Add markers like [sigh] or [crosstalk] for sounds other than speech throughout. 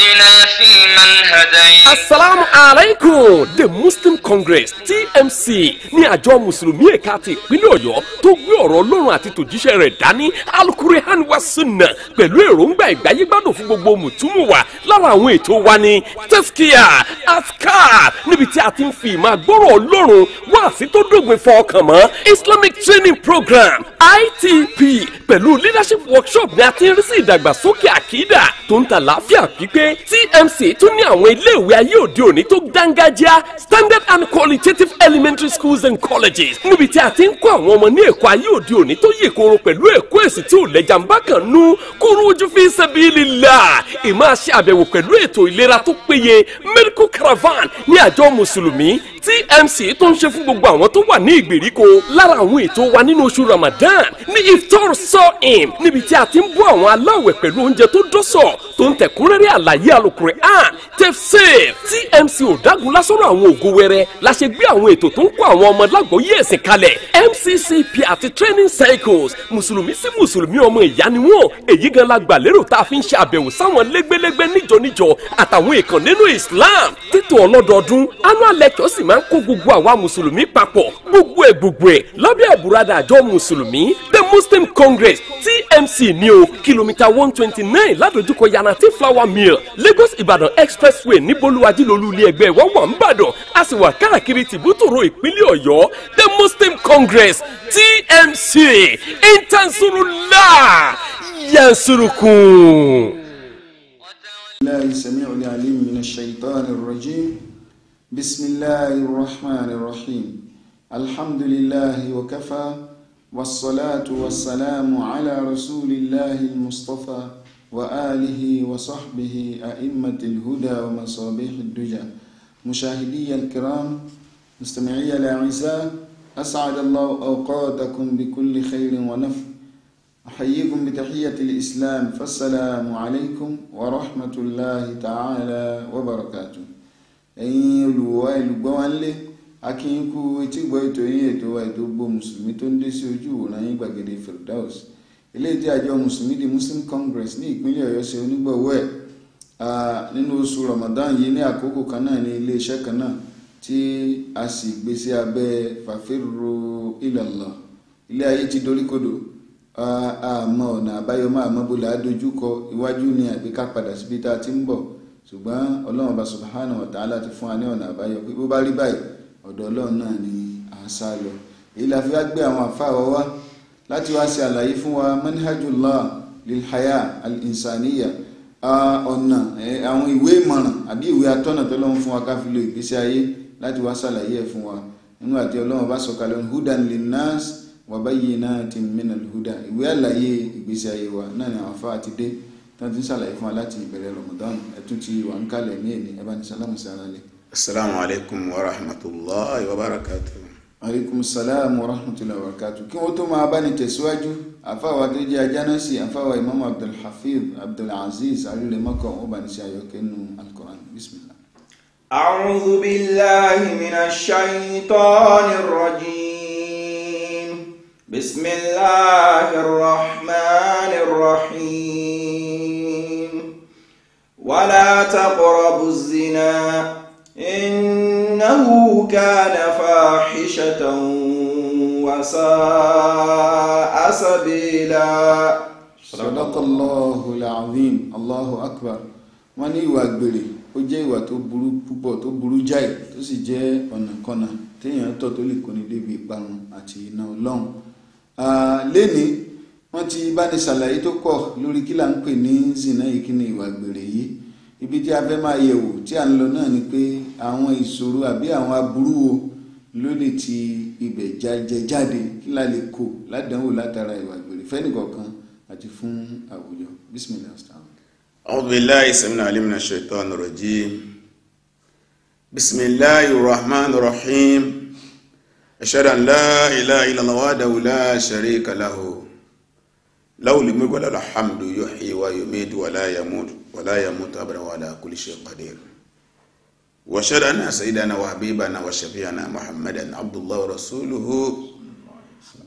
اهدنا فيمن هديت asalaamu alaikum the muslim congress tmc ní àjọ mùsùlùmí ẹ̀ka ti ìpínlẹ̀ ọ̀yọ́ tó gbé ọ̀rọ̀ ọlọ́run àti tòjíṣẹ́ rẹ̀ dání alukurihan wasunna pẹ̀lú èròǹgbà ìgbáyégbádùn fún gbogbo mùtúmù wa lára àwọn ètò wa ní tẹ́síkìá askar níbi tí a ti ń fi ìmọ̀ àgbọ̀rọ̀ ọlọ́run wá sí tó dògbìn fọ ọkàn mọ́ islamic training program itp pẹ̀lú leadership workshop ni a ti ń rí sí ìdàgbàsókè àkídà tó ń ta láàfíà pípé tmc tún ní àwọn iléèwé ayé òde òní tó dángájá standard and qualitative elementary schools and colleges níbi tí a ti ń kọ́ àwọn ọmọ ní ẹ̀kọ́ ayé òde òní tó yè koro pẹ̀lú ẹ̀kọ́ ẹ̀sìn tí ò lẹ́jà ń bá kàn nú kúrú ojú fi sabilillah ìmáa ṣe àbẹ̀wò pẹ̀lú ètò ìlera tó péye medical caravan ní àjọ mùsùlùmí TMC tó ń ṣe fún gbogbo àwọn tó wà ní ìgbèríko lára àwọn ètò wa nínú oṣù Ramadan ní iftar sọ́ọ̀m níbi tí a ti ń bọ́ àwọn aláwẹ̀ pẹ̀lú oúnjẹ tó dọ́sọ̀ tó ń tẹ̀kúnrẹ́rẹ́ àlàyé Al-Qur'an tefsir TMC ò dágun lásọ̀rọ̀ àwọn ògo wẹrẹ la ṣe gbé àwọn ètò tó ń kó àwọn ọmọ lágbóyè ẹ̀sìn kalẹ̀ MCCP àti training cycles mùsùlùmí sí mùsùlùmí ọmọ ìyá ni wọ́n èyí gan la gbà lérò tá a fi ń ṣe àbẹ̀wò sáwọn lẹ́gbẹ́lẹ́gbẹ́ níjọ níjọ àtàwọn ìkànnínú Islam títò ọlọ́dọọdún annual lecture sì má máa ń kó gbogbo àwa mùsùlùmí papọ̀ gbogbo ẹ̀ gbogbo ẹ̀ lábẹ́ àbúradà àjọ mùsùlùmí the muslim congress tmc ní o kìlómítà one twenty nine ládojúkọ yanati flower mill lagos ìbàdàn expressway níbolúwájú lolú ilé ẹgbẹ́ wa wà ń bàdàn a sì wà káàkiri tìbútòrò ìpínlẹ̀ ọ̀yọ́ the muslim congress tmc intansurula yansurukun. الله سميع العليم من الشيطان الرجيم بسم الله الرحمن الرحيم الحمد لله وكفى والصلاة والسلام على رسول الله المصطفى وآله وصحبه أئمة الهدى ومصابيح الدجى مشاهدي الكرام مستمعي الأعزاء أسعد الله أوقاتكم بكل خير ونفع أحييكم بتحية الإسلام فالسلام عليكم ورحمة الله تعالى وبركاته eyin olùwọ́ ẹlùgbọ́n wa nílé akínkú etigbo ètò yín ètò eto ètò gbogbo mùsùlùmí tó ń dé sí ojú yín firdaus eléyìí di àjọ mùsùlùmí di muslim congress ní ìpínlẹ̀ ọ̀yọ́ ṣe onígbọ̀wọ́ ẹ̀ nínú oṣù ramadan yìí ní àkókò kan náà ní iléeṣẹ́ kan náà tí a sì gbé sí abẹ́ fàfẹ́rù ilé ayé ti dorikodo àmọ́ ọ̀nà na máa mọ́ ni síbi ti ń ṣùgbọ́n ọlọ́run ọba subhanahu wa ta'ala ti fún wa ní ọ̀nà àbáyọ pé bó bá rí báyìí ọ̀dọ̀ ọlọ́run náà ni à ń sá lọ èyí la fi wá gbé àwọn àfáà wá láti wá ṣe àlàyé fún wa manhajullah lilhaya al-insaniya ọ̀nà àwọn ìwé ìmọ̀ràn àbí ìwé atọ́nà tọ́lọ́run fún wa ká fi lo ìgbésí ayé láti wá ṣàlàyé ẹ̀ fún wa nínú àti ọlọ́run bá sọ̀kalẹ̀ hudan linnas wa bayyinatin minal huda ìwé àlàyé ìgbésí ayé wa náà ni àwọn àfáà ti dé tàbí ṣàlàyé fún wa láti ìbẹ̀rẹ̀ Ramadan ẹ̀tún ti wà ń kalẹ̀ ní èmi ẹ bá ní sálámù sí ara lẹ. asalaamu alaykum wa rahmatulahi wa barakatu. aleykum salaam wa rahmatulahi wa barakatu. kí wọ́n tó máa bá ní tẹ̀síwájú àfàwà tó jẹ́ ajánásì àfàwà imam abdulhafiz abdulaziz alúlẹ̀mọ́kọ̀ wọ́n bá alukoran bisimilah. أعوذ بالله من الشيطان الرجيم بسم الله الرحمن الرحيم ولا تقربوا الزنا إنه كان فاحشة وساء سبيلا صدق الله العظيم الله أكبر wọ́n ní ìwà àgbèrè ó jẹ́ ìwà tó burú púpọ̀ tó burú jáì tó sì jẹ́ ọ̀nàkọ́nà téèyàn tọ̀ tó lè kóni débi ìparun àti iná ọlọ́run lénìí wọ́n ti bá ní ṣàlàyé tó pọ̀ lórí kí là ń pè ní zina yìí kí ni ìwà gbèrè yìí ibi tí a fẹ́ máa yẹ̀wò tí à ń lọ náà ni pé àwọn ìṣòro àbí àwọn aburú wo ló lè ti ibẹ̀ jẹ jáde kí la lè kó ládánwò látara ìwà gbèrè fẹ́nìkọ̀ọ̀kan àti fún àwùjọ bísímìlá sàn. أعوذ بالله السميع العليم من الشيطان الرجيم بسم الله الرحمن الرحيم أشهد أن لا إله إلا الله وحده لو لم يقول الحمد يحيي ويميت ولا يموت ولا يموت أبدا وعلى كل شيء قدير وأشهد أن سيدنا وحبيبنا وشفيعنا محمدا عبد الله ورسوله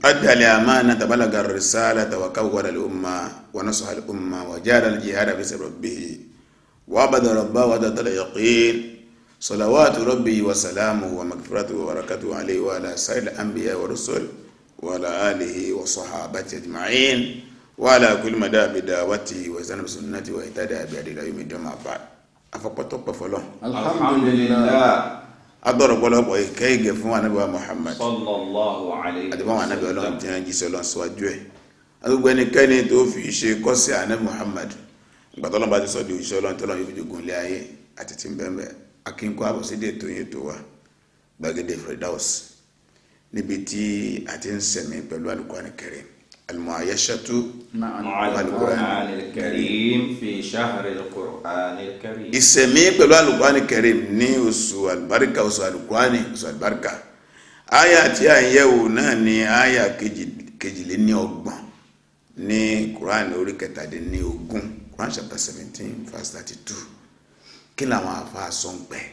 أدى الأمانة بلغ الرسالة وكون الأمة ونصح الأمة وجعل الجهاد في سبيل ربه وعبد ربه وعبد اليقين صلوات ربي وسلامه ومغفرته وبركاته عليه وعلى سائر الأنبياء والرسل وعلى آله وصحابته أجمعين wàhálà kúlù mọ̀dá àbìdá wàtí wàzánà sunnati wà ìtàdà àbíàdì ìlà yomi dẹ́mà bá afọ́pọ̀tọ̀ pẹ̀fọ́lọ́. alhamdulillah. adọ́rọ̀ gbọ́lọ́pọ̀ ìkẹ́ ìgẹ̀ fún anábíwá muhammad. sallallahu alayhi wa sallam. àti fún anábíwá ọlọ́run tí wọ́n jí sọ lọ́n síwájú ẹ̀. agbègbè ẹnikẹ́ni tó fi ṣe kọ́sí anábí muhammad gbàtọ́lọ́ba ti sọ di òṣìṣẹ́ ọlọ́run tọ́lọ́run yóò fi jogun ilé ayé àti tí ń bẹ́ẹ̀ akínkọ́ àbọ̀sídé tó yẹ tó wa gbàgede firdaus níbi tí a ti ń sẹ̀mí pẹ̀lú alukọ́ni المعايشة مع القرآن الكريم في شهر القرآن الكريم ìṣẹ̀mí pẹ̀lú القرآن الكريم ní oṣù àlùbáríkà oṣù àlùkùránì oṣù àlùbáríkà àyà tí a ń yẹ̀wò náà ni àyà kejìléníọgbọ̀n ní kùránì orí kẹtàdínlógún kùránì chapter seventeen verse thirty two kí làwọn afa sọ ń pẹ́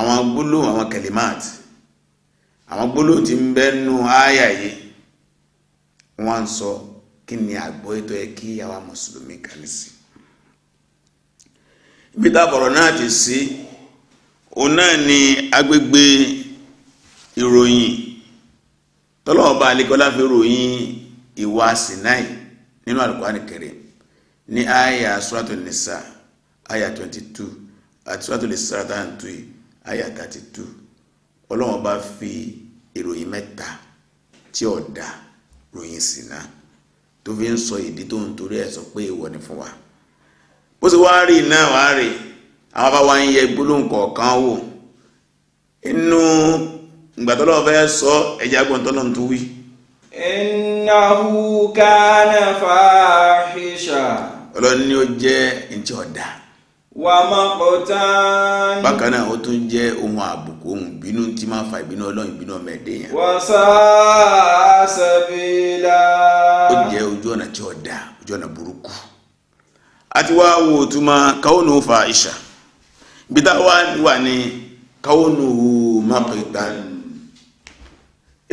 àwọn gbólóhùn àwọn kẹlímáàtì àwọn gbólóhùn tí ń bẹ́ẹ̀ nù àyà yìí wọ́n ń sọ kí ni àgbọ̀ ètò ẹ kí àwa mùsùlùmí kàní sí. ibi tábọ̀rọ̀ náà ti sí òun náà ni agbègbè ìròyìn tọ́lọ́ọ̀bá alẹ́kọ́lá fi ròyìn ìwà sinai nínú Al-Qur'an ní àyà suratul nisa àyà 22 àti suratul nisa tàǹtù àyà 32 ọlọ́wọ́n bá fi ìròyìn mẹ́ta tí ó dáa ròyìn sìnà tó fi ń sọ ìdí tó ń torí ẹ̀ sọ pé èèwọ̀ ni fún wa bó ṣe wáá rí náà wáá rí àwọn bá ń yẹ gbólóhùn kọ̀ọ̀kan wò inú ìgbàtọ́lọ́ fẹ́ sọ ẹ̀jẹ̀ agbọ̀ntọ́lọ́ tó wí. innahu kana fahisha. ọlọ́ni ó jẹ́ ntí ọ̀dà wà mọ́kọ̀tán. bákan náà ó tún jẹ́ ohun àbùkù ohun ìbínú tí máa fa ìbínú ọlọ́run ìbínú ọmọ ẹ̀dẹ́ yẹn. wà sá sẹ́bìlà. ó jẹ́ ojú ọ̀nà tí ó dá ojú ọ̀nà burúkú. a ti wá wo òtúmọ̀ káwọnù fa ìṣà ibi tá a wá wà ní káwọnù mọ́kọ̀tán.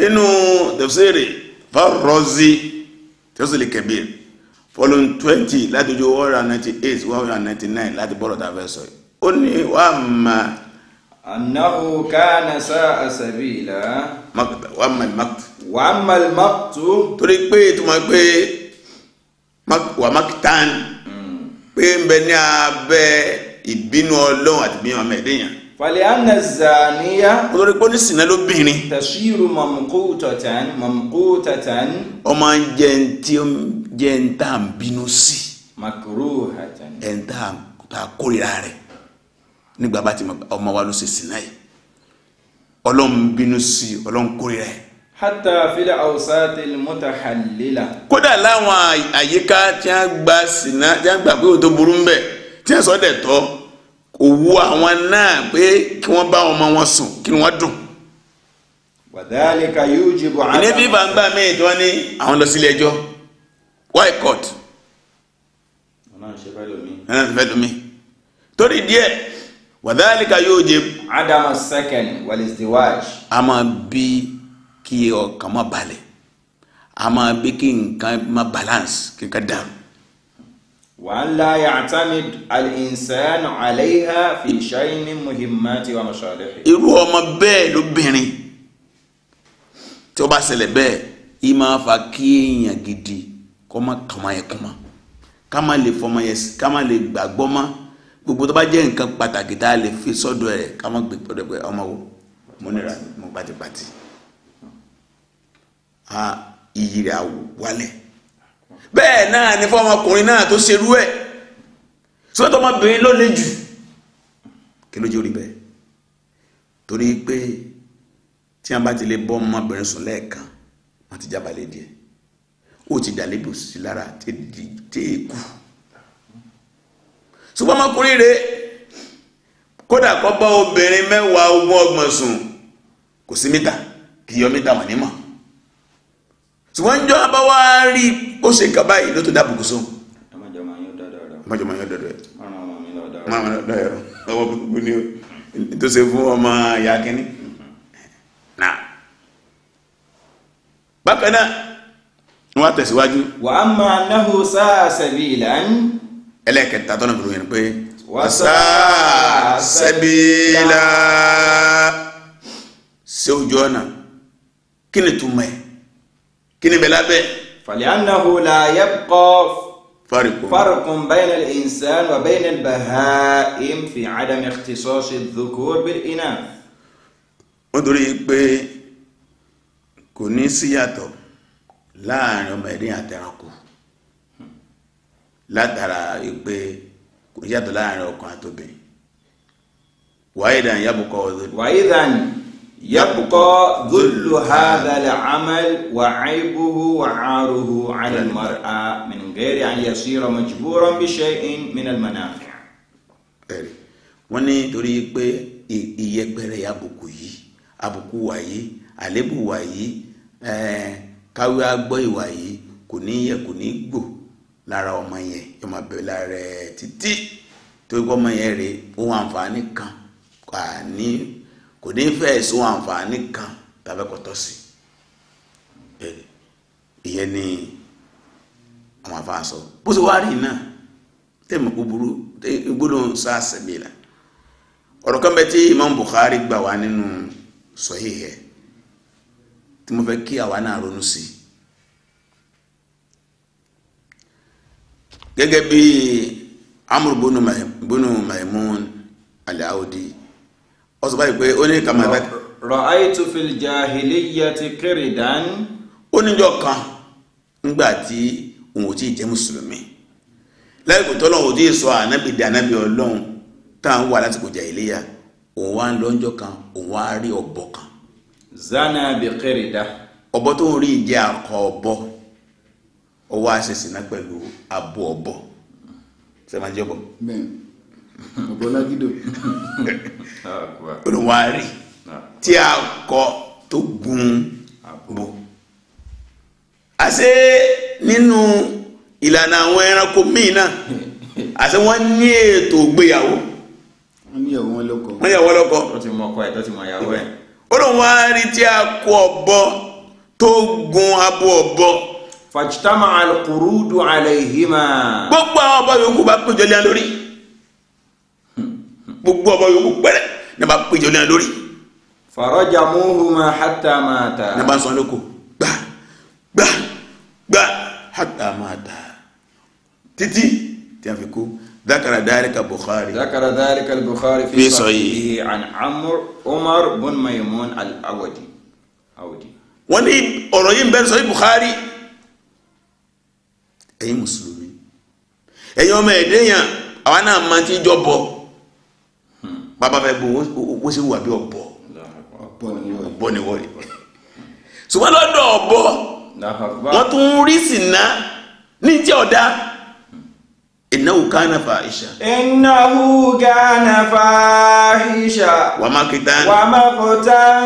inú tafsiri farrozi tafsiri kabir following twenty láti ojú one hundred ninety eight one hundred ninety nine láti bọ́ọ̀lù tá a fẹ́ sọ yìí ó ní wà á mà. annahu kana sa'a sabila. wà á mà maktu. wà á mà maktu. torí pé ìtumọ̀ pé wà á makitan hmm. pé ń bẹ ní abẹ́ ìbínú ọlọ́run àti ìbínú ọmọ ẹ̀dẹ́yàn fàlẹ́ àna zàníyá. olórí pólísì náà lóbìnrin. tàṣírù mọ̀mùkú tọ̀tàn mọ̀mùkú tọ̀tàn. ọmọ jẹ́ ń tí ó jẹ́ ń tà ń bínú sí. makuru hatan. ẹ̀ ń tà ta kórìíra rẹ̀ nígbà bá ti ọmọ wa ló ṣe sìnà yìí ọlọ́run bínú sí ọlọ́run kórìíra ẹ̀ hata fila awusaati mutahalila. kódà láwọn àyíká tí a gba sinna tí a gbà pé o tó burú ń bẹ tí a sọ dẹ̀ tọ́ òwú àwọn náà pé kí wọ́n bá ọmọ wọn sùn kí wọ́n dùn. wàdálíkà yóò jìbọ àbá. ilé bíbá ń gbà míì tí wọ́n ní àwọn lọ sílé ẹjọ́ why court. ọ̀nà ìṣe fẹ́ lómi. ọ̀nà ìṣe fẹ́ lómi. torí díẹ̀ wàdálíkà yóò jẹ. adamu second walistiwaj. a máa bí kí ọkàn má balẹ̀ a máa bí kí nǹkan má balance kí nǹkan dàrú. وأن لا يعتمد الإنسان عليها في شيء من مهماته ومصالحه irú ọmọ bẹ́ẹ̀ lóbìnrin tí ó bá ṣẹlẹ̀ bẹ́ẹ̀ yìí máa fa kí èèyàn gidi kọ́ má kàmá yẹn kún ma ká má lè fọmọ yẹn ká má lè gbàgbọ́ má gbogbo tó bá jẹ́ nǹkan pàtàkì tá a lè fi sọ́dọ̀ ẹ̀ ká má gbé pẹ̀lú ẹ̀ ọmọ wo mo nira mo pátipátì a iyì rẹ̀ wálẹ̀ bẹ́ẹ̀ náà ni fọmọkùnrin náà tó ṣerú ẹ̀ sọ́tọ̀ ọmọbìnrin ló le jù kí ló jẹ́ orí bẹ́ẹ̀ torí pé tí wọ́n bá ti lè bọ́ ọmọbìnrin sùn lẹ́ẹ̀kan wọ́n ti jábàlẹ̀ díẹ̀ ó ti dà lébù sí lára tí èkú ṣùgbọ́n ọmọkùnrin rẹ̀ kódà kọ́ bá obìnrin mẹ́wàá ogún ọgbọ̀n sùn kò sí mítà kì í yọ mítà wà nímọ̀ tí wọ́n ń jọ abá wá rí ó ṣe nǹkan báyìí ló tó dábùkù sóhun mọ́jọ́mọ́ yóò dọ̀dọ̀ ẹ̀ mọ́jọ́mọ́ yóò dọ̀dọ̀ ẹ̀ ọwọ́ gbogbo ni tó ṣe fún ọmọ ìyá kínní náà bákan náà wọ́n tẹ̀síwájú. wà á máa náhù sáà sẹ̀bi ìlànà. ẹlẹ́kẹ̀ta tọ́nà fún yẹn pé wà sáà sẹ̀bi ìlànà ojú ọ̀nà kí ni túmọ̀ ẹ̀ kí ni bẹ̀lá bẹ́ẹ̀. fàlíànàhù la yabqa farikun bayna al-insan wa bayna al-baha'im fi adam ikhtisas al-dhukur bil-inath. wọ́n torí kò ní síyàtọ̀ láàrin ọmọ ẹ̀dín àtẹranko látara pé kò ní síyàtọ̀ láàrin ọkùnrin àtobìnrin wàyídàn yabqa ọ̀dọ́. wàyídàn. يبقى ذل هذا العمل وعيبه وعاره على المرأة من غير أن يصير مجبورا بشيء من المنافع wọ́n ní torí pé ìyẹpẹrẹ àbùkù yìí àbùkù wà yìí àlébù wà yìí eh, káwé agbọ́ ìwà yìí kò ní yẹ kò ní gbò lára ọmọ yẹn yóò máa bẹ̀rẹ̀ lára ẹ̀ títí torí pé ọmọ yẹn rèé ohun àǹfààní kan kà ní kò ní fẹ́ sún àǹfààní kan tàbí kọtọ́ sí ìyẹn ni àwọn àfáà bó ṣe wá rí náà tẹ́mọ̀ búburú gbọ́dọ̀ sáàsẹ̀bìlà ọ̀rọ̀ kan bẹ tí Imam Bukhari gbà wá nínú sọ̀híhẹ́ tí mo fẹ́ kí àwa náà ronú sí gẹ́gẹ́ bí bunu ọ sọ báyìí pé ó ní kàmá ẹ̀fẹ́. ra'aytu ti jahiliyyati qirdan. ó níjọ kan ńgbà tí òun ò tí ì jẹ́ mùsùlùmí lásìkò tọ́lọ́ ò tí ì sọ ànábì di ànábì ọlọ́run tá kan kan. zana tó ń rí ìjẹ́ akọ ọ̀bọ ọwọ́ àṣẹṣìnà pẹ̀lú abo ọ̀bọ ọ̀bọ̀lágídò olùwárí tí a kọ tó gun abo àṣé nínú ìlànà àwọn ẹranko míì náà àṣé wọ́n ní ètò ìgbéyàwó wọ́n ní ìyàwó wọn lọ́kọ wọ́n ní ìyàwó lọ́kọ tó ti mọ ọkọ ẹ̀ tó ti mọ ìyàwó ẹ̀ olùwárí tí a kọ ọ̀bọ tó gun abo ọ̀bọ fàjítàmà alqurudu alayhima gbogbo àwọn ọ̀bọ yòókù bá péjọ lé lórí gbogbo ọmọ yòókù pẹ́rẹ́ ní bá péjọ lẹ́yìn lórí. fàrọ́jà múhùmá hátà máa tà. ní bá ń sọ lóko gbà gbà gbà hátà máa tà títí tí a fi kú. ذكر ذلك البخاري ذكر ذلك البخاري في صحيحه عن عمرو عمر بن ميمون الأودي أودي wọ́n ní ọ̀rọ̀ yìí ń bẹ́ẹ̀ sọ yìí Bukhari ẹ̀yin mùsùlùmí ẹ̀yin ọmọ ẹ̀dẹ́yàn àwa náà máa ti jọ bọ̀ Baba, fẹ́ bó wọ́n ṣe wà bí ọ̀bọ ọ̀bọ ni wọ́n rí ṣùgbọ́n lọ́dọ̀ ọ̀bọ wọ́n tún ń rí sìnà ní tí ọ̀dá innahu kana fahisha. innahu kana fahisha. wa makitan. wa makutan.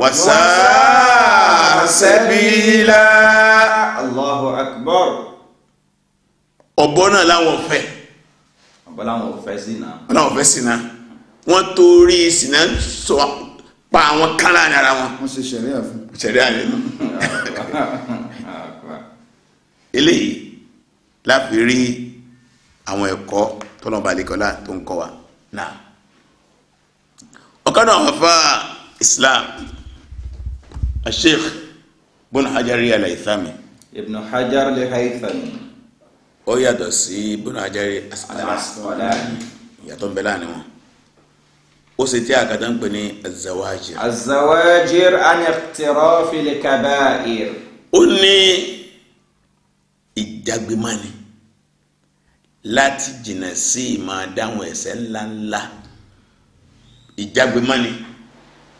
wa saa sabila. allahu akbar. ọ̀bọ náà làwọn fẹ́. ọ̀bọ làwọn fẹ́ sínà. làwọn fẹ́ sínà wọ́n torí sinna sọ pa àwọn kánlá ní ara wọn. wọ́n ṣe sẹ̀ríà fún. sẹ̀ríà rẹ̀ nù. eléyìí láfi rí àwọn ẹ̀kọ́ tọ́lọ́ balẹ̀kọ́lá tó ń kọ́ wa náà. ọ̀kan náà wọ́n Islam Sheikh Ibn Hajar al-Haythami. Ibn Hajar al-Haythami. ó yàtọ̀ sí Ibn Hajar al-Asqalani. ìyàtọ̀ ń bẹ láàrin wọn ó ṣe tí àkàtà ń pè ní azawajir. azawajir an iqtiraf al-kaba'ir. ó ní ìjàgbémánì láti jìnnà sí ìmáa dáhùn ẹ̀ṣẹ̀ ńláńlá ìjàgbémánì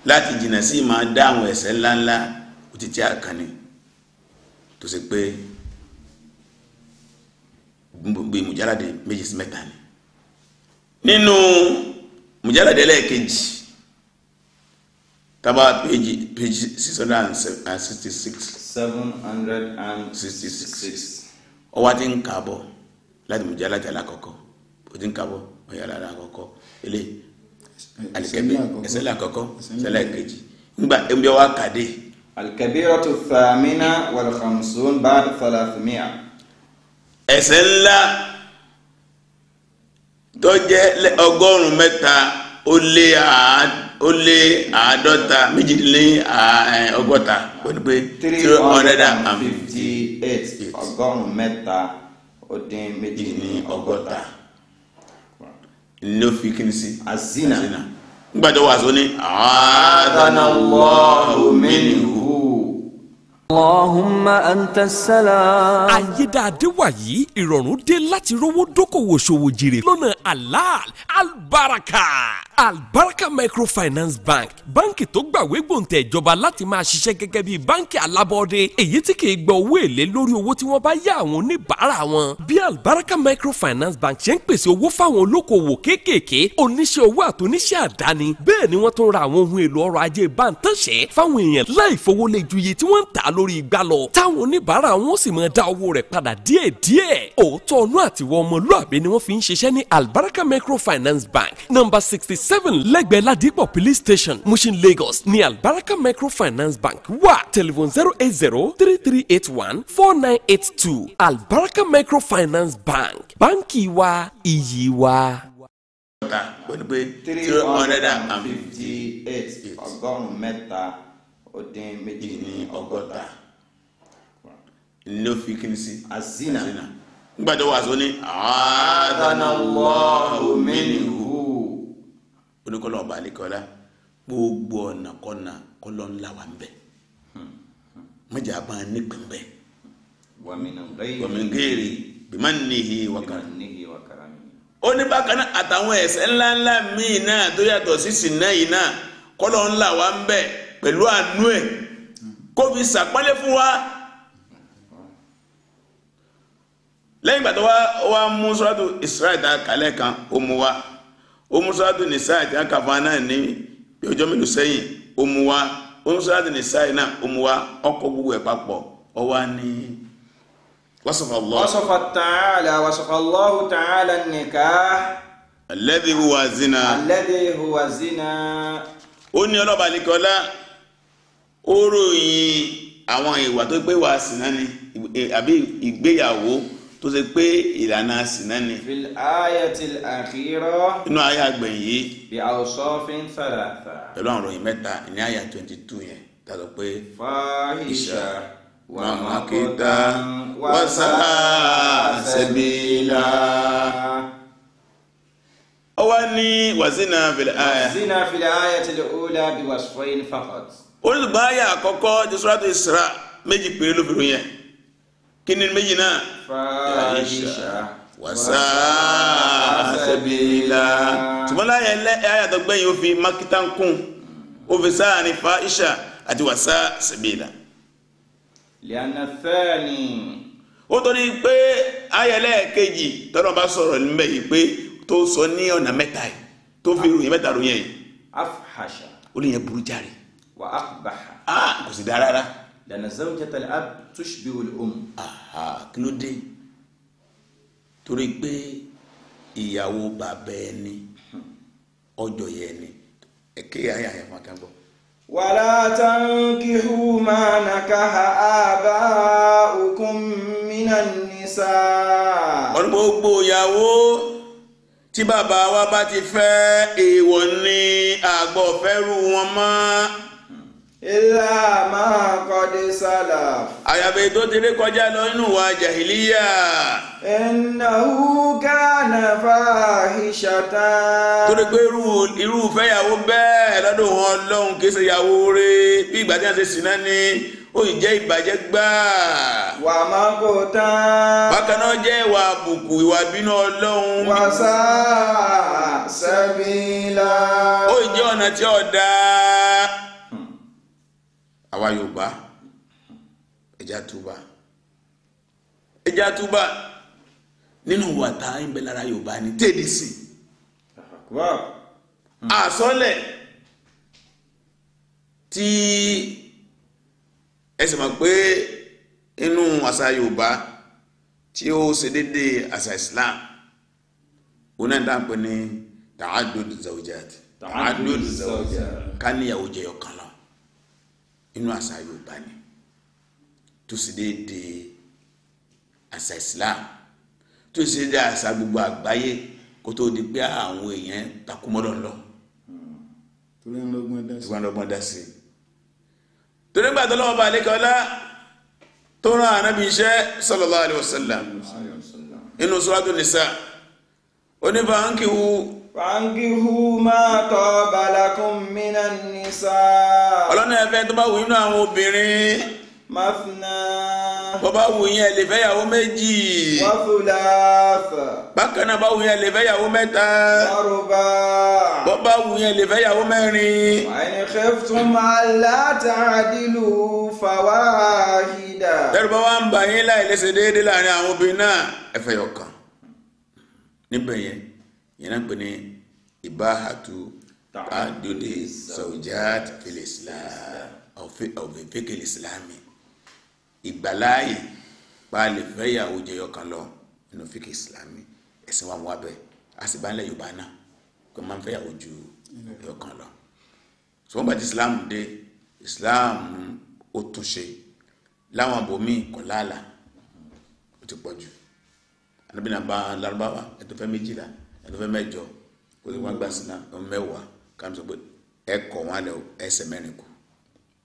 láti jìnnà sí ìmáa dáhùn ẹ̀ṣẹ̀ ńláńlá ó ti tí àkànni tó ṣe pé gbogbo ìmùjáde méjì sí mẹ́ta ni nínú. No mujallada ẹlẹ́ẹ̀kejì taba page page six hundred and sixty six. seven hundred and sixty six. ọwọ́ ti ń kàbọ̀ láti mujallada alákọ̀ọ́kọ́ ó ti ń kàbọ̀ ọ̀yàlá alákọ̀ọ́kọ́ eléyìí alikẹbi ẹsẹlẹ àkọ́kọ́ ẹsẹlẹ kejì ngba ebi wa kade. alikabiratu thamina wal khamsun ba'da thalathmi'a. ẹsẹlẹ. tó jẹ́ ọgọ́rùn-ún mẹ́ta ó lé àádọ́ta méjìdínlẹ́ ọgọ́ta pẹ̀lú pé three hundred and fifty eight ọgọ́rùn-ún mẹ́ta ó dín méjìdínlẹ́ ọgọ́ta ló sí. azina nígbà tó wà sóní. wọ́ọ̀rù Allahumma anta salam. àyédáadé wàyí ìrọ̀rùn dé láti rówó dókòwò ṣòwò jèrè lọ́nà halal albaraka albaraka microfinance bank báǹkì tó gbàwé gbòǹtẹ̀ ìjọba láti máa ṣiṣẹ́ gẹ́gẹ́ bí báǹkì alábọ́ọ́dé èyí tí kì í gba owó èlé lórí owó tí wọ́n bá yá àwọn oníbàárà wọn. bí albaraka microfinance bank ṣe ń pèsè owó fáwọn olókoòwò kéékèèké oníṣẹ́ owó àtúnṣe àdáni bẹ́ẹ̀ ni wọ́n tún ra àwọn ohun èlò ọrọ̀ ajé báǹtàṣẹ́ fáwọn èèyàn láì fowó lè ju iye tí wọ́n ń tà lórí igbá lọ táwọn oníbàárà wọn sì máa dá owó rẹ̀ padà díẹ̀díẹ̀ òótọ́ ọ̀nù àtiwọ́ ọmọlúàbí ni wọ́n fi ń ṣiṣẹ́ ní albaraka microfinance bank number sixty seven lẹ́gbẹ̀ẹ́ ladipo police station mushin lagos ní albaraka microfinance bank wà telephone zero eight zero three three eight one four nine eight two albaraka microfinance bank báńkì wa iyì wa three hundred and fifty eight ọgọ́rùn-ún mẹ́ta. ó dín méjì ní ló fi kiri sí azina nígbà tó wà sọ ní oníkọ́lọ́ ọba àlekọ́lá gbogbo ọ̀nà kọ́nà kọ́lọ́ ńlá wà ń bẹ̀ mọ́jà a nípìn bẹ́ẹ̀ wàmíngèrè bímánìhì wàkàrà ó ní bákan àtàwọn ẹ̀ṣẹ̀ ńláńlá míì náà tó yàtọ̀ sí náà kọ́lọ́ ńlá ń pẹ̀lú àánú ẹ̀ kó fi sàpọ́nlé fún wa lẹ́yìn ìgbà tó wá wá mú sọ́dọ̀ Israel dá kalẹ̀ kan ó mú wa ó mú sọ́dọ̀ nìsa àti akàfà náà ní ọjọ́ mélòó sẹ́yìn ó mú wa ó mú sọ́dọ̀ nìsa náà ó mú wa ọkọ̀ gbogbo ẹ̀ papọ̀ ọ wá ní. وصف الله وصف تعالى وصف الله تعالى النكاح الذي هو زنا الذي هو زنا ó ní ọlọ́ba ó ròyìn àwọn ìwà tó pé wà sínà ni àbí ìgbéyàwó tó ṣe pé ìlànà sínà ni. fil ayatil akhira. inú ayé àgbẹ̀yìn yìí. bí awsafin thalatha. pẹ̀lú àwọn ròyìn mẹ́ta ní àyà twenty two yẹn tá a pé. fahisha wa makita wa sa'a sabila ó wàzínà fìlà áyà. wàzínà fìlà áyà tilẹ̀ ó dàbí wàsífọ́yìn faqat. oríṣiríṣi àyà àkọ́kọ́ ti Suratul Isra méjì péré ló yẹn kí ni méjì náà. fàáyíṣà wàsá àṣẹbìlà. ṣùgbọ́n láyà ẹlẹ́ àyà tó gbẹ̀yìn ó fi mákítá fàáyíṣà àti wàsá àṣẹbìlà. lẹ́nà fẹ́ẹ̀ni. ó torí sọ ní ọ̀nà mẹ́ta yìí wa akbaha. ah kò sì dára rárá. lànà zawjatul ab tushbihul um. kí ló dé torí pé ìyàwó bàbá ẹni ọjọ́ yẹn ni ẹ̀kẹ́ ayé àyẹ̀ fún akẹ́kọ̀ọ́. wàlá tankihu ma nakaha aba'ukum minan nisa. ọdún ìyàwó tí bàbá wa bá ti fẹ́ èèwọ̀ ni àgbọ̀fẹ́rù wọn mọ́ ilá máa kọ́dé sálà. àyàfẹ́ tó ti rí kọjá lọ nínú wa jàhìlíyà. innahu kana fahishatan. torí pé irú fẹ́yàwó bẹ́ẹ̀ lọ́dọ̀ wọn lọ́hùn kì í ṣe ìyàwó rẹ̀ bí ìgbà tí wọ́n ṣe sìn náà ni ó sì jẹ́ ìbàjẹ́ gbáà. wà á máa kó tán. bákan náà jẹ́ ìwà àbùkù ìwà bínú ọlọ́run. wà á sá sẹ́bìlá. ó sì jẹ́ ọ̀nà tí ó dáa àwa Yorùbá ẹja túbà ẹja túbà nínú wàtá ìbẹ̀lára Yorùbá ni tèdí sí hmm. àsọlẹ̀ tí ẹ sì mọ̀ pé inú àṣà Yorùbá tí ó ṣe déédéé àṣà Islam òun náà dáa pé ní tàádùn zawjat tàádùn zawjat ká níyàwó jẹyọ kan inú àṣà Yorùbá ni tó sì déédéé àṣà Islam tó sì déédéé àṣà gbogbo àgbáyé kó tó di pé àwọn èèyàn takú mọ́dọ̀ lọ. torí ń lọ́gbọ́n dá sí i. torí gbàtà lọ́wọ́ bá àlékọ́lá tó rán ànábì iṣẹ́ sallallahu alaihi wasallam inú Suratu Nisa onífàánkìwù fankihu ma taba lakum minan nisa. ọlọ́nà ẹ̀fẹ́ tó bá wù nínú àwọn obìnrin. mafna. bó bá wù yín ẹ lè fẹ́ yàwó méjì. wa thulatha. bákan náà bá wù yín ẹ fẹ́ yàwó mẹ́ta. wa ruba'. bá wù yín ẹ fẹ́ yàwó mẹ́rin. wa in khiftum alla ta'dilu fawahida. dẹ́rù bá wà ń bà yín láì lẹ́sẹ̀ déédéé láàrin àwọn obìnrin náà ẹ fẹ́ níbẹ̀ yẹn yẹn náà ń pè ní ibahatu adúlé zawjat fil islam ọ̀fẹ́ fẹ́kẹ̀lì islámi ìgbàláàyè paálí fẹ́yàwó jẹyọ kan lọ nínú fẹ́kẹ̀ islámi ẹ̀sìn wa wà bẹ́ẹ̀ a sì bá ń lẹ̀ yorùbá náà pé máa ń fẹ́yàwó ju ẹyọ kan lọ ṣùgbọ́n islam dé islam ó tún ṣe láwọn abòmíì kọ̀ láàlà ó ti pọ̀ jù àdébìnrin àbá ẹ̀tọ́ fẹ́ méjìlá ẹni fẹ́ mẹ́jọ kó lè wá gbà sí sọ pé ẹ kọ̀ wọ́n lẹ ẹsẹ̀ mẹ́rin kù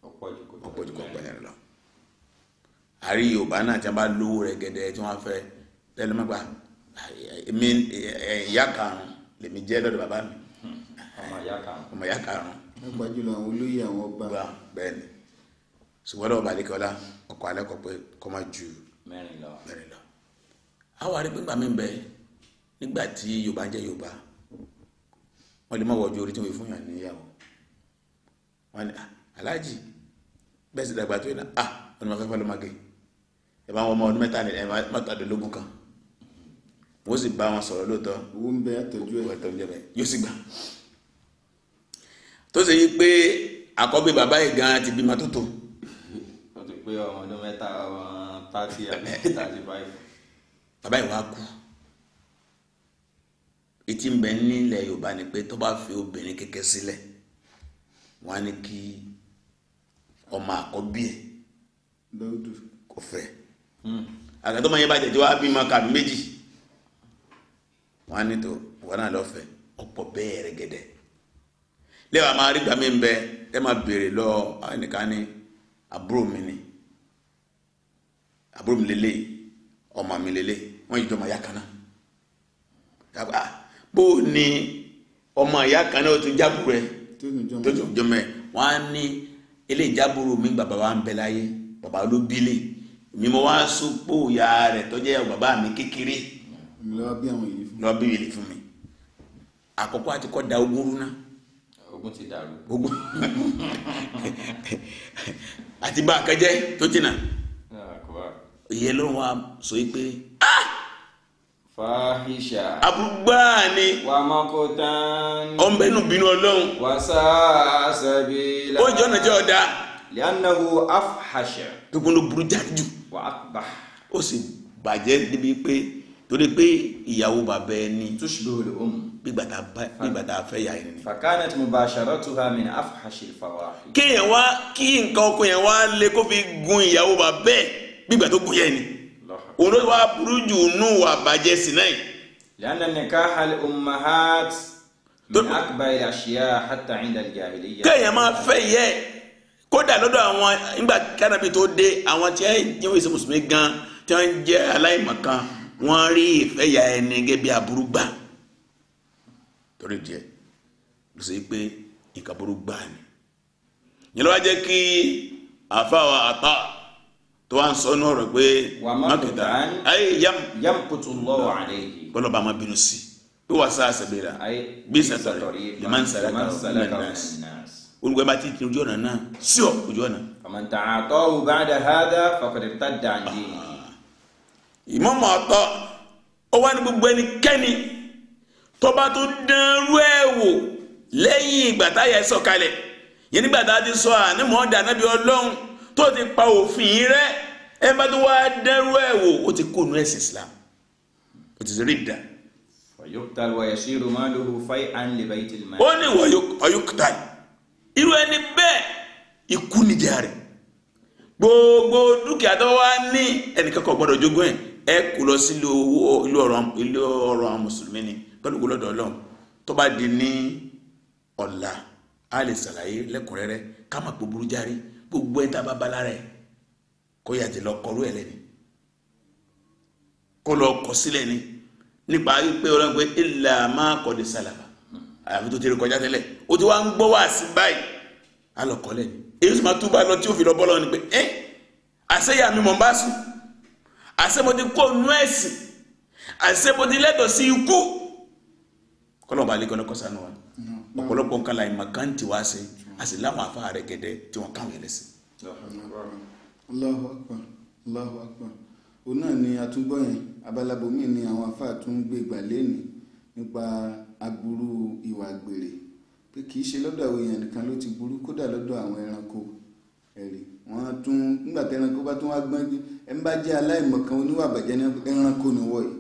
ọ̀pọ̀ jù kọ̀ ọ̀pọ̀ yẹn lọ. àrí yorùbá náà tí wọ́n bá lówó rẹ̀ gẹ́dẹ́ tí wọ́n fẹ́ lẹ́nu mẹ́gbà èmi ìyá lèmi ọmọ ìyá jùlọ àwọn olóyè àwọn ọba. ni ọkọ̀ pé kọ́ máa ju mẹ́rin lọ. àwa nígbà tí yorùbá jẹ́ yorùbá wọ́n lè má wọ ojú orí tí wọ́n fún yàn níyàwó wọ́n ní ah, aláàjì bẹ́ẹ̀ sì dàgbà tó yẹn náà ah wọ́n ní wọ́n fẹ́ fọ́ lọ́mọge ẹ̀ bá wọn ọmọ ọdún mẹ́tàdínlógún kan wọ́n sì bá wọn sọ̀rọ̀ lóòótọ́ owó ń bẹ àtọ́jú ẹ̀ àtọ́jú ẹ̀ yóò sì gbà tó ṣe yí pé àkọ́bí bàbá yìí gan ti bímọ tó tó. ó ti pé ọmọ ọdún mẹ́ta ọmọ thirty àbí [laughs] thirty five. bàbá yìí wá kú. etí ń bẹ nílẹ̀ yorùbá ni pé tó bá fi obìnrin kékeré sílẹ̀ wọ́n á ní kí ọmọ àkọ́bí ẹ̀ kò fẹ́ àgàtọ́ máa yẹ bá jẹjọ wá bí méjì wọ́n á ní tó wọ́n náà lọ́fẹ̀ẹ́ ọ̀pọ̀ bẹ́ẹ̀ rẹ̀ ń bẹ ẹ máa lọ ẹnìkan ní àbúrò mi ni àbúrò mi lélẹ̀ ọmọ mi wọ́n yìí jọ máa ní ọmọ ìyá kan náà tó jábù rẹ tó jọmọ ẹ wọn á ní ilé ìjábùrú mi bàbá wa ń bẹ láyé bàbá ló mi mo wá sopó ìyá rẹ tó jẹ́ bàbá mi kékeré lọ́ọ́ bí ìlú fún mi àkọ́kọ́ àti kọ́ da ogun rú náà ogun ti dàrú ogun àti bá a kẹjẹ tó jìnnà ah, ìyẹn ló wá sọ yìí pé ah, fahisha. aburugba ni. wà á mọ́kò tán. ọ̀nbẹ́nu bínú ọlọ́run. wà á sá sabila. ó jọ nàjẹ́ ọ̀dà. lianahu afhasha. gbogbo ló burú jájú. wà á bá. ó sì bàjẹ́ níbi pé torí pé ìyàwó bàbá ẹni. tushbihu al-umm. gbígbà tá a fẹ́ yà ẹni. fakanat mubasharatuha min afhashi al-fawahish. kéèyàn wá kí nǹkan ọkùnrin yẹn wá lé kó fi gun ìyàwó bàbá ẹ gbígbà tó gun yẹn ni òun ló wá burú jù nù àbàjẹ́ sí náà. lẹ́nu nikah al-ummahat min akbar al-ashiya hatta inda al-jahiliya. kéèyàn máa fẹ́ yẹ kódà lọ́dọ̀ àwọn nígbà kánábì tó dé àwọn tí wọ́n ṣe mùsùlùmí gan tí wọ́n jẹ́ aláìmọ̀kan wọ́n rí ìfẹ́ ya ẹni gẹ́gẹ́ bí aburú torí díẹ̀ ló ṣe pé nǹkan burú gbà ni. yẹn wá jẹ́ kí àfa àtà tó wà ń sọ ní ọ̀rọ̀ pé mákìtà ayé yam yam kutu lọ́wọ́ àlẹ́ yìí gbọ́dọ̀ bá ma bínú sí pé wà sá àṣẹbẹ̀rẹ̀ bí sàtọ̀rẹ̀ lè má ń sàrẹ̀ kà ọ́ olùgbé bá ti tẹ ojú ọ̀nà náà sí ọ ojú ọ̀nà. àmọ̀ntà àtọ́ òbá dà hádà fọkàdé tá dàǹdì. ìmọ̀mọ̀ ọ̀tọ̀ ó wá ní gbogbo ẹnikẹ́ni tó tó dánrú ẹ̀ wò lẹ́yìn ìgbà táyà ẹ̀ sọ̀kalẹ̀ yẹn nígbà tá a ti sọ ànímọ̀ ọ̀dà nábì ọlọ́run tó ti pa òfin yìí rẹ́ ẹ bá tó wá dẹ́rú ẹ̀ wò ó ti kó nu ẹ̀sìn Islam ó ti rí da. wàyókùtàl wàyà ṣírò máa ń lòrò fáì à ń lè bá ìtìlì máa. ó ní wàyókùtàl irú ẹni bẹ́ẹ̀ ikú nìjà rẹ̀ gbogbo dúkìá tó wá ní ẹnìkan kò gbọdọ̀ jogún ẹ̀ ẹ kú lọ sí ilé ọrọ̀ àwọn mùsùlùmí ni pẹ̀lú gbọdọ̀ ọlọ́run tó bá di ní ọ̀la a lè ṣàlàyé lẹ́kùnrẹ́rẹ́ ká má gbó burú járe gbogbo ẹ̀ tá a bá bala rẹ̀ kó lọ kọrú ẹ̀ lẹ́ni kó lọ kọ sílẹ̀ ni nípa pé ọlọ́run pé ilà máa kọ́ de sálàbà àyàfi tó ti rí kọjá tẹ́lẹ̀ o ti wá ń gbọ́ wá sí báyìí a lẹ́ni èyí sì máa túbọ̀ lọ tí ó fi lọ bọ́ lọ́wọ́ ni pé ẹ́ àṣeyà mi mọ̀ ń bá sùn àṣemọ̀tì kó nú ẹ̀sìn àṣemọ̀tì lẹ́tọ̀ sí ikú kọ́lọ́ọ̀bà alẹ́ kọ́ni kọ́sánú wa ọ̀pọ̀lọpọ̀ nǹkan la ìmọ̀ kan ti wá sí a sì láwọn àfa rẹ̀ gẹ̀dẹ̀ tí wọ́n káwọn yẹn lẹ́sìn. Allahu akbar Allahu akbar òun náà ni atúgbọ́ yẹn abalabomi ni àwọn afa tún gbé gbà lẹ́nu nípa aburú ìwà àgbèrè pé kì í ṣe lọ́dọ̀ àwọn èèyàn nìkan ló ti burú kódà lọ́dọ̀ àwọn ẹranko ẹ̀rí wọ́n tún nígbà tí ẹranko bá tún wá gbọ́n ẹ ń bá jẹ́ aláìmọ̀kan oníwà àbàjẹ́ ní ẹranko ni wọ̀nyí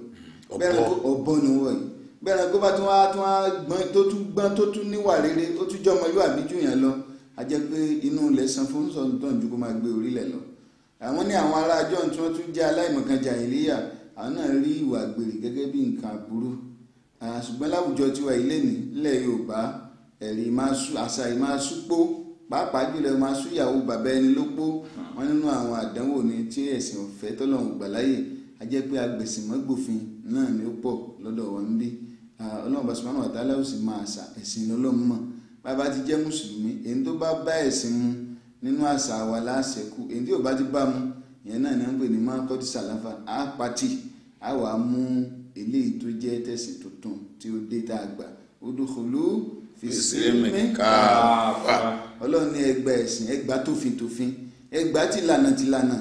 ọ̀bọ ni wọ̀nyí gbẹ̀rẹ̀ kó bá tún wá tún wá gbọ́n tó tún gbọ́n tó tún níwà rere ó tún jọmọ yóò àbíjú yẹn lọ a jẹ́ pé inú ilẹ̀ san fún sọ̀tàn ju kó máa gbé orílẹ̀ lọ àwọn ní àwọn ará ajọ́ tí wọ́n tún jẹ́ aláìmọ̀kan jàhílíyà àwọn náà rí ìwà àgbèrè gẹ́gẹ́ bí nǹkan aburú ṣùgbọ́n láwùjọ tiwa ilé ní ilẹ̀ Yorùbá ẹ̀rí àṣà ìmáṣúpó pàápàá jùlọ ìmáṣúyàwó bàbá ẹni lópó wọn nínú àwọn àdánwò ni tí ẹ̀sìn ọ̀fẹ́ tọ́lọ́run gbà láyè a jẹ́ pé agbèsìmọ́gbòfin náà ni ó pọ̀ lọ́dọ̀ wọn ń bí ọlọ́run bá sùpánù àtàlà ó sì máa ṣà ẹ̀sìn lọ́lọ́run mọ̀ bàbá ti jẹ́ mùsùlùmí èyí tó bá bá ẹ̀sìn mu nínú àṣà wa láṣẹ̀kù èyí tí ò bá ti bá mu ìyẹn náà ni wọ́n pè ní mákọ́tì sàláfà á pati á wà á mú eléyìí tó jẹ́ tẹ̀sìn tuntun tí ó dé tá a gbà ó dúkòló fìsílẹ̀mì káfà ọlọ́run ní ẹgbà ẹ̀sìn ẹgbà tófin tófin ẹgbà tìlànà tìlànà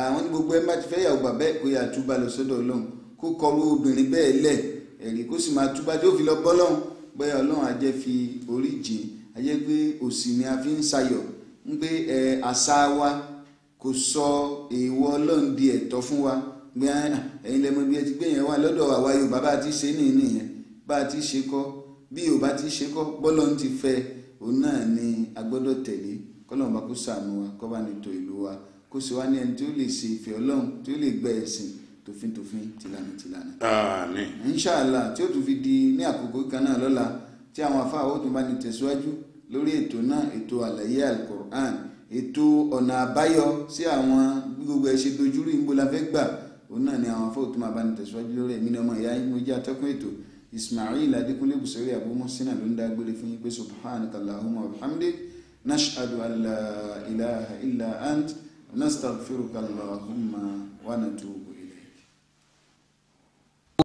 àwọn ní gbogbo ẹ má ti fẹ́ yàwó bàbá ẹ̀ kó yà túbà lọ sọ́dọ̀ ọlọ́run kó kọrú obìnrin bẹ́ẹ̀ lẹ́ẹ̀ ẹ̀rí kó sì máa túbá tí ó fi lọ bọ́ lọ́hùn bóyá ọlọ́run ajẹ́ fi orí jìn ajẹ́ pé òsì ni a fi ń sayọ̀ ń pé ẹ àṣà wa kò sọ èèwọ̀ ọlọ́run di ẹ̀tọ́ fún wa gbé ẹ̀yin lẹ́mọ bí ẹ ti gbé yẹn wá lọ́dọ̀ àwa Yorùbá bá ti ṣe nìyí nìyẹn bá ti ṣe kọ́ bí Yorùbá ti ṣe kọ́ bọ́lọ́run ti fẹ́ òun náà ni a gbọ́dọ̀ tẹ̀lé kọ́lọ́run bá kó ṣàánú wa kó bá ní tọ́ ìlú wa kó sì wá ní ẹni tí ó lè ṣe ìfẹ́ ọlọ́run tí ó lè gbẹ ẹ̀sìn tòfin tòfin tìlànà tìlànà. àmín. inṣàlá tí ó tún fi di ní àkókò kan náà lọ́la tí àwọn afá ó tún bá ní tẹ̀síwájú lórí ètò náà ètò àlàyé alukur'an ètò ọ̀nà àbáyọ sí àwọn gbogbo ẹ̀ṣẹ̀ dojúrú ìgbó la fẹ́ gbà òun náà ni àwọn afá ó tún máa bá ní tẹ̀síwájú lórí ẹ̀mí ọmọ ìyá mo jẹ́ atọ́kùn ètò ismail adékúnlé busari abu ló ń dágbére fún yín pé subhanaka wa bihamdik